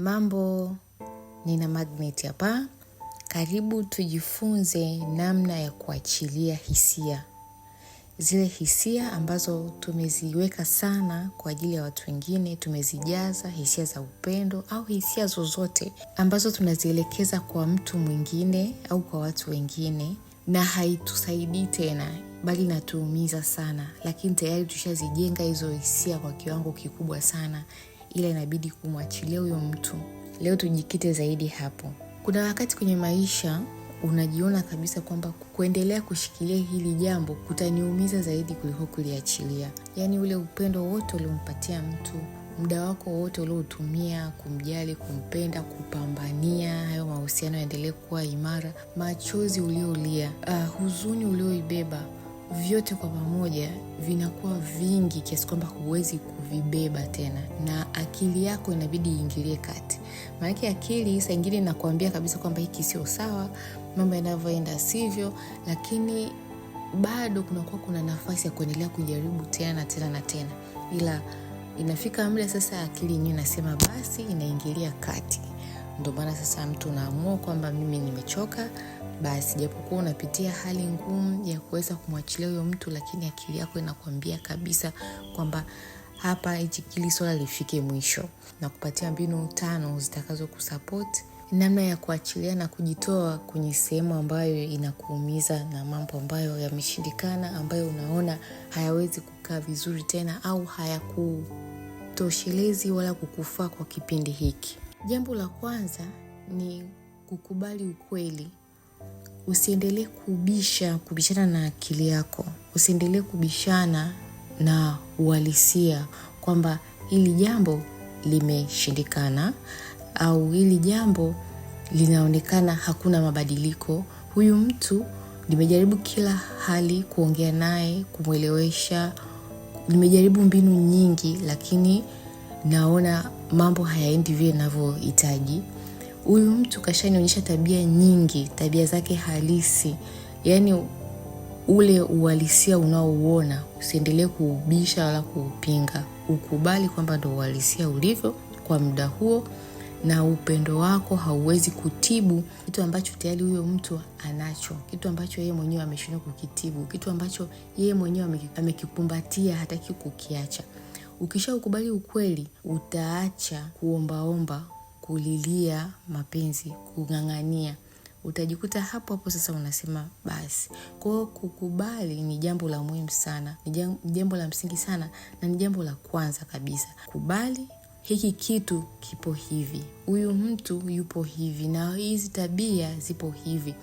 Mambo, nina Magnet hapa. Karibu tujifunze namna ya kuachilia hisia, zile hisia ambazo tumeziweka sana kwa ajili ya watu wengine, tumezijaza hisia za upendo au hisia zozote ambazo tunazielekeza kwa mtu mwingine au kwa watu wengine, na haitusaidii tena, bali natuumiza sana, lakini tayari tushazijenga hizo hisia kwa kiwango kikubwa sana ila inabidi kumwachilia huyo mtu. Leo tujikite zaidi hapo. Kuna wakati kwenye maisha unajiona kabisa kwamba kuendelea kushikilia hili jambo kutaniumiza zaidi kuliko kuliachilia. Yaani ule upendo wote uliompatia mtu, muda wako wote uliotumia kumjali, kumpenda, kupambania hayo mahusiano yaendelee kuwa imara, machozi uliolia, uh, huzuni ulioibeba vyote kwa pamoja vinakuwa vingi kiasi kwamba huwezi kuvibeba tena, na akili yako inabidi iingilie kati. Maanake akili saa ingine inakuambia kabisa kwamba hiki sio sawa, mambo yanavyoenda sivyo, lakini bado kunakuwa kuna nafasi ya kuendelea kujaribu tena tena na tena, ila inafika muda sasa akili yenyewe inasema basi, inaingilia kati. Ndio maana sasa mtu unaamua kwamba mimi nimechoka basi japokuwa unapitia hali ngumu ya kuweza kumwachilia huyo mtu, lakini akili yako inakwambia kabisa kwamba hapa hichi kili swala lifike mwisho, na kupatia mbinu tano zitakazo kusapoti namna ya kuachilia na kujitoa kwenye sehemu ambayo inakuumiza na mambo ambayo yameshindikana, ambayo unaona hayawezi kukaa vizuri tena au hayakutoshelezi wala kukufaa kwa kipindi hiki. Jambo la kwanza ni kukubali ukweli usiendelee kubisha kubishana na akili yako, usiendelee kubishana na uhalisia kwamba hili jambo limeshindikana au hili jambo linaonekana hakuna mabadiliko. Huyu mtu nimejaribu kila hali kuongea naye, kumwelewesha, nimejaribu mbinu nyingi, lakini naona mambo hayaendi vile inavyohitaji huyu mtu kashanionyesha tabia nyingi, tabia zake halisi, yaani ule uhalisia unaouona usiendelee kuubisha wala kuupinga, ukubali kwamba ndo uhalisia ulivyo kwa muda huo, na upendo wako hauwezi kutibu kitu ambacho tayari huyo mtu anacho, kitu ambacho yeye mwenyewe ameshindwa kukitibu, kitu ambacho yeye mwenyewe amekikumbatia, hataki kukiacha. Ukishaukubali ukweli, utaacha kuombaomba kulilia mapenzi, kung'ang'ania, utajikuta hapo hapo sasa unasema basi. kwao kukubali ni jambo la muhimu sana, ni jambo la msingi sana, na ni jambo la kwanza kabisa. Kubali hiki kitu kipo hivi, huyu mtu yupo hivi, na hizi tabia zipo hivi.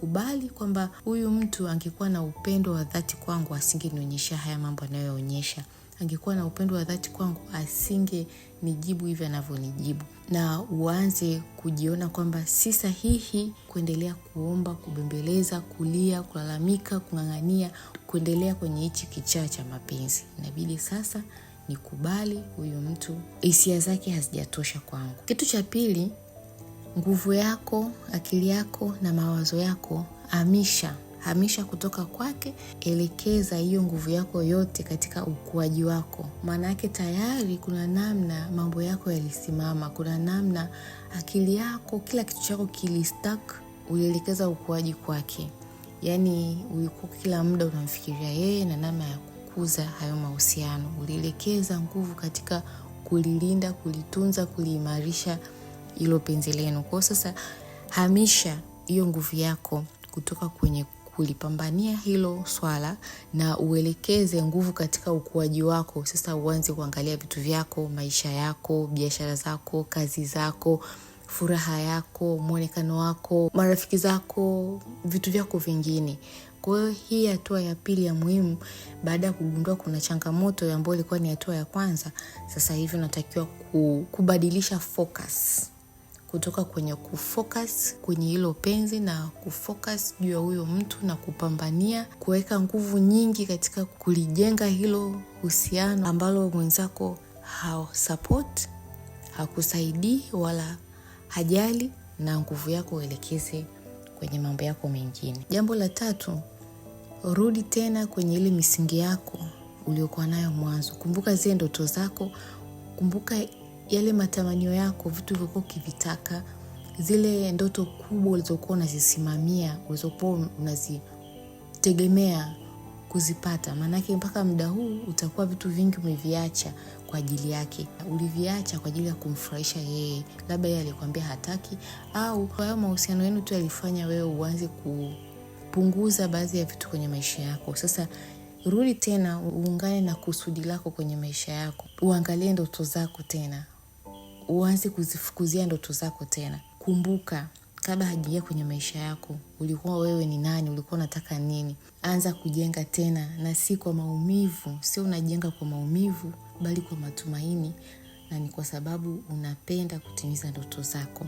Kubali kwamba huyu mtu angekuwa na upendo wa dhati kwangu asingenionyesha haya mambo anayoonyesha angekuwa na upendo wa dhati kwangu asinge nijibu hivi anavyonijibu, na uanze kujiona kwamba si sahihi kuendelea kuomba, kubembeleza, kulia, kulalamika, kung'ang'ania, kuendelea kwenye hichi kichaa cha mapenzi. Inabidi sasa nikubali huyu mtu, hisia zake hazijatosha kwangu. Kitu cha pili, nguvu yako, akili yako na mawazo yako amisha hamisha kutoka kwake, elekeza hiyo nguvu yako yote katika ukuaji wako. Maana yake tayari kuna namna mambo yako yalisimama, kuna namna akili yako, kila kitu chako kilistak, ulielekeza ukuaji kwake. Yaani ulikuwa kila muda unamfikiria yeye na namna ya kukuza hayo mahusiano, ulielekeza nguvu katika kulilinda, kulitunza, kuliimarisha hilo penzi lenu. Kwa sasa hamisha hiyo nguvu yako kutoka kwenye kulipambania hilo swala na uelekeze nguvu katika ukuaji wako. Sasa uanze kuangalia vitu vyako, maisha yako, biashara zako, kazi zako, furaha yako, mwonekano wako, marafiki zako, vitu vyako vingine. Kwa hiyo hii hatua ya pili ya muhimu, baada ya kugundua kuna changamoto ambayo ilikuwa ni hatua ya kwanza, sasa hivi unatakiwa kubadilisha focus kutoka kwenye kufocus kwenye hilo penzi na kufocus juu ya huyo mtu na kupambania kuweka nguvu nyingi katika kulijenga hilo uhusiano ambalo mwenzako hasupot hakusaidii wala hajali, na nguvu yako uelekeze kwenye mambo yako mengine. Jambo la tatu, rudi tena kwenye ile misingi yako uliokuwa nayo mwanzo. Kumbuka zile ndoto zako, kumbuka yale matamanio yako, vitu ulivyokuwa ukivitaka, zile ndoto kubwa ulizokuwa unazisimamia, ulizokuwa unazitegemea kuzipata. Maanake mpaka muda huu utakuwa vitu vingi umeviacha kwa ajili yake, uliviacha kwa ajili ya kumfurahisha yeye, labda yeye alikwambia hataki, au kwayo mahusiano yenu tu yalifanya wewe uanze kupunguza baadhi ya vitu kwenye maisha yako. Sasa rudi tena, uungane na kusudi lako kwenye maisha yako, uangalie ndoto zako tena uanze kuzifukuzia ndoto zako tena. Kumbuka, kabla hajaingia kwenye maisha yako, ulikuwa wewe ni nani? Ulikuwa unataka nini? Anza kujenga tena, na si kwa maumivu. Sio unajenga kwa maumivu, bali kwa matumaini, na ni kwa sababu unapenda kutimiza ndoto zako.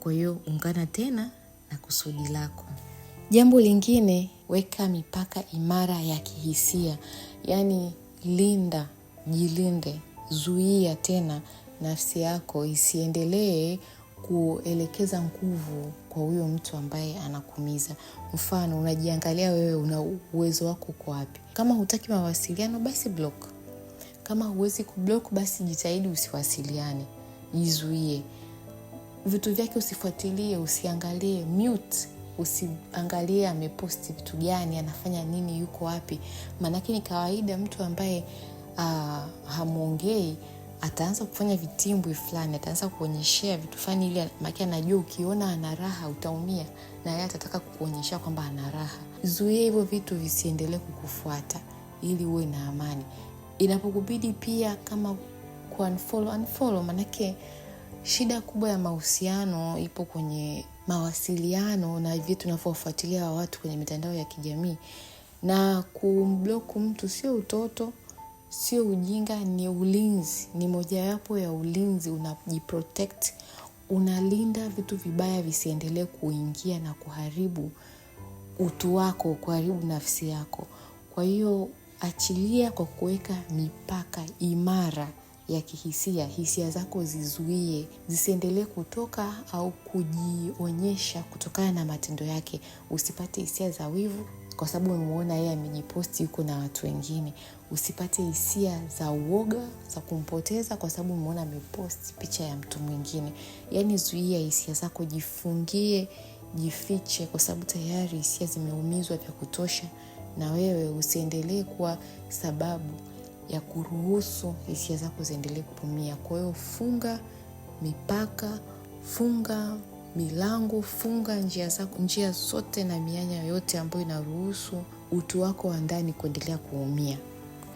Kwa hiyo ungana tena na kusudi lako. Jambo lingine, weka mipaka imara ya kihisia, yaani linda, jilinde, zuia tena nafsi yako isiendelee kuelekeza nguvu kwa huyo mtu ambaye anakumiza. Mfano, unajiangalia wewe, una uwezo wako uko wapi? Kama hutaki mawasiliano, basi block. Kama huwezi kublock, basi jitahidi usiwasiliane, jizuie vitu vyake, usifuatilie, usiangalie, mute usiangalie ameposti vitu gani, anafanya nini, yuko wapi. Maanake ni kawaida mtu ambaye uh, ah, hamwongei ataanza kufanya vitimbwi fulani, ataanza kuonyeshea vitu fulani ili maki, anajua ukiona ana raha utaumia, na yeye atataka kukuonyesha kwamba ana raha. Zuia hivyo vitu visiendelee kukufuata ili uwe na amani. Inapokubidi pia kama ku manake shida kubwa ya mahusiano ipo kwenye mawasiliano na vitu tunavyofuatilia watu kwenye mitandao ya kijamii, na kumbloku mtu sio utoto sio ujinga ni ulinzi ni mojawapo ya ulinzi unajiprotect unalinda vitu vibaya visiendelee kuingia na kuharibu utu wako kuharibu nafsi yako kwa hiyo achilia kwa kuweka mipaka imara ya kihisia hisia zako zizuie zisiendelee kutoka au kujionyesha kutokana na matendo yake usipate hisia za wivu kwa sababu umemwona yeye amejiposti yuko na watu wengine. Usipate hisia za uoga za kumpoteza kwa sababu umeona ameposti picha ya mtu mwingine. Yaani zuia hisia zako, jifungie, jifiche, kwa sababu tayari hisia zimeumizwa vya kutosha, na wewe usiendelee kuwa sababu ya kuruhusu hisia zako ziendelee kupumia. Kwa hiyo funga mipaka, funga milango, funga njia zako, njia zote na mianya yote ambayo inaruhusu utu wako wa ndani kuendelea kuumia.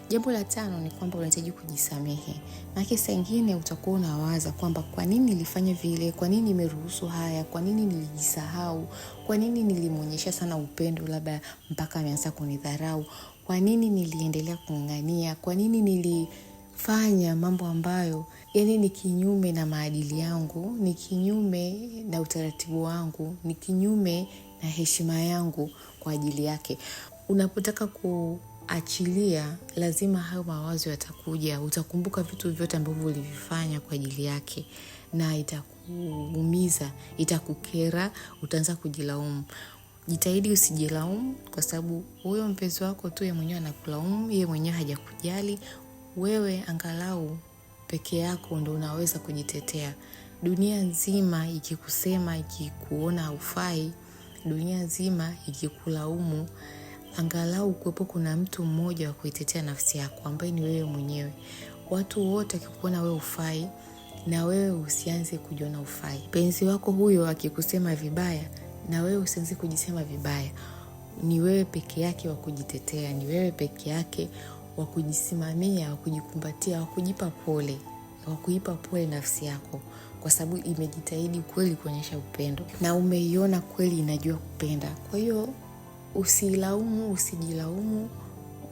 Jambo la tano ni kwamba unahitaji kujisamehe. Maana saa ingine utakuwa unawaza kwamba kwa nini nilifanya vile, kwa nini nimeruhusu haya, kwa nini nilijisahau, kwa nini nilimwonyesha sana upendo labda mpaka ameanza kunidharau, kwa nini niliendelea kung'ang'ania, kwa nini nili fanya mambo ambayo yani ni kinyume na maadili yangu, ni kinyume na utaratibu wangu, ni kinyume na heshima yangu kwa ajili yake. Unapotaka kuachilia, lazima hayo mawazo yatakuja. Utakumbuka vitu vyote ambavyo ulivifanya kwa ajili yake na itakuumiza, itakukera, utaanza kujilaumu. Jitahidi usijilaumu kwa sababu huyo mpenzi wako tu ye mwenyewe anakulaumu, yeye mwenyewe hajakujali, wewe angalau peke yako ndo unaweza kujitetea. Dunia nzima ikikusema, ikikuona ufai dunia nzima ikikulaumu, angalau kuwepo kuna mtu mmoja wa kuitetea nafsi yako ambaye ni wewe mwenyewe. Watu wote wakikuona wewe ufai, na wewe usianze kujiona ufai. Penzi wako huyo akikusema vibaya, na wewe usianze kujisema vibaya. Ni wewe peke yake wa kujitetea, ni wewe peke yake wa kujisimamia, wa kujikumbatia, wa kujipa pole, wa kuipa pole nafsi yako, kwa sababu imejitahidi kweli kuonyesha upendo na umeiona kweli inajua kupenda. Kwa hiyo usilaumu, usijilaumu,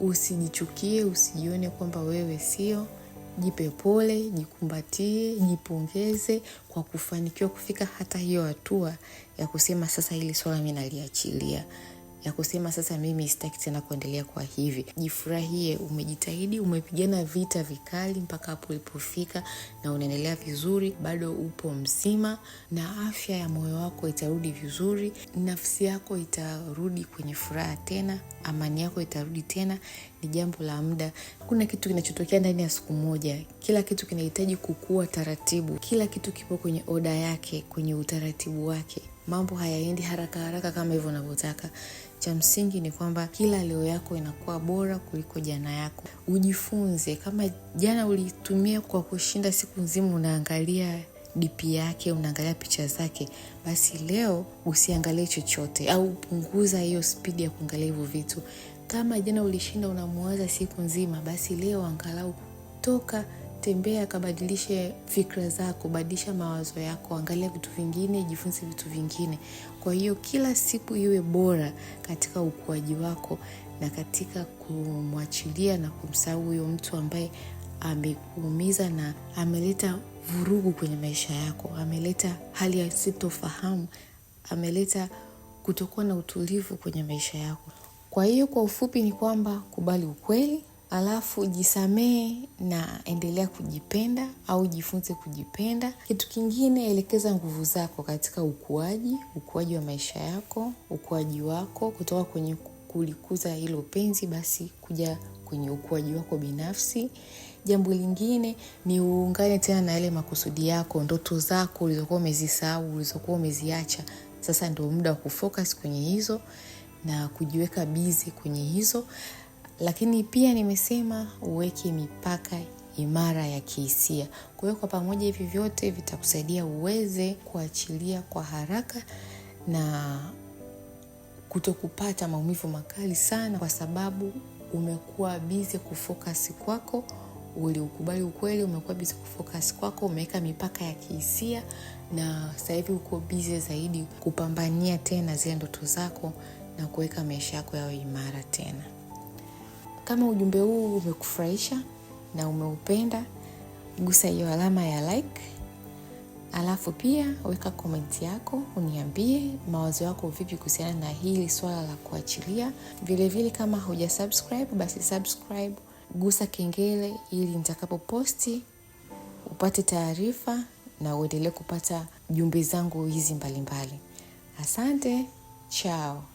usijichukie, usijione kwamba wewe sio. Jipe pole, jikumbatie, jipongeze kwa kufanikiwa kufika hata hiyo hatua ya kusema sasa hili swala mi naliachilia la kusema sasa mimi sitaki tena kuendelea kwa hivi. Jifurahie, umejitahidi, umepigana vita vikali mpaka hapo ulipofika na unaendelea vizuri, bado upo mzima na afya ya moyo wako itarudi vizuri, nafsi yako itarudi kwenye furaha tena, amani yako itarudi tena. Ni jambo la muda. Kuna kitu kinachotokea ndani ya siku moja. Kila kitu kinahitaji kukua taratibu, kila kitu kipo kwenye oda yake, kwenye utaratibu wake. Mambo hayaendi haraka haraka kama hivyo unavyotaka. Cha msingi ni kwamba kila leo yako inakuwa bora kuliko jana yako. Ujifunze kama jana ulitumia kwa kushinda siku nzima unaangalia DP yake unaangalia picha zake, basi leo usiangalie chochote au punguza hiyo spidi ya kuangalia hivyo vitu. Kama jana ulishinda unamwaza siku nzima, basi leo angalau toka tembea kabadilishe fikra zako, badilisha mawazo yako, angalia vitu vingine, jifunze vitu vingine. Kwa hiyo kila siku iwe bora katika ukuaji wako na katika kumwachilia na kumsahau huyo mtu ambaye amekuumiza na ameleta vurugu kwenye maisha yako, ameleta hali ya sitofahamu, ameleta kutokuwa na utulivu kwenye maisha yako. Kwa hiyo kwa ufupi ni kwamba kubali ukweli Alafu jisamee na endelea kujipenda au jifunze kujipenda. Kitu kingine, elekeza nguvu zako katika ukuaji, ukuaji wa maisha yako, ukuaji wako kutoka kwenye kulikuza hilo penzi basi kuja kwenye ukuaji wako binafsi. Jambo lingine ni uungane tena na yale makusudi yako, ndoto zako ulizokuwa umezisahau, ulizokuwa umeziacha. Sasa ndio muda wa kufocus kwenye hizo na kujiweka bizi kwenye hizo. Lakini pia nimesema uweke mipaka imara ya kihisia. Kwa hiyo kwa pamoja hivi vyote vitakusaidia uweze kuachilia kwa haraka na kutokupata maumivu makali sana, kwa sababu umekuwa bize kufokasi kwako, uliukubali ukweli, umekuwa bize kufokasi kwako, umeweka mipaka ya kihisia, na sahivi uko bize zaidi kupambania tena zile ndoto zako na kuweka maisha yako yawe imara tena. Kama ujumbe huu umekufurahisha na umeupenda, gusa hiyo alama ya like, alafu pia weka komenti yako, uniambie mawazo yako vipi kuhusiana na hili swala la kuachilia. Vilevile kama huja subscribe, basi subscribe, gusa kengele ili nitakapoposti upate taarifa na uendelee kupata jumbe zangu hizi mbalimbali. Asante, chao.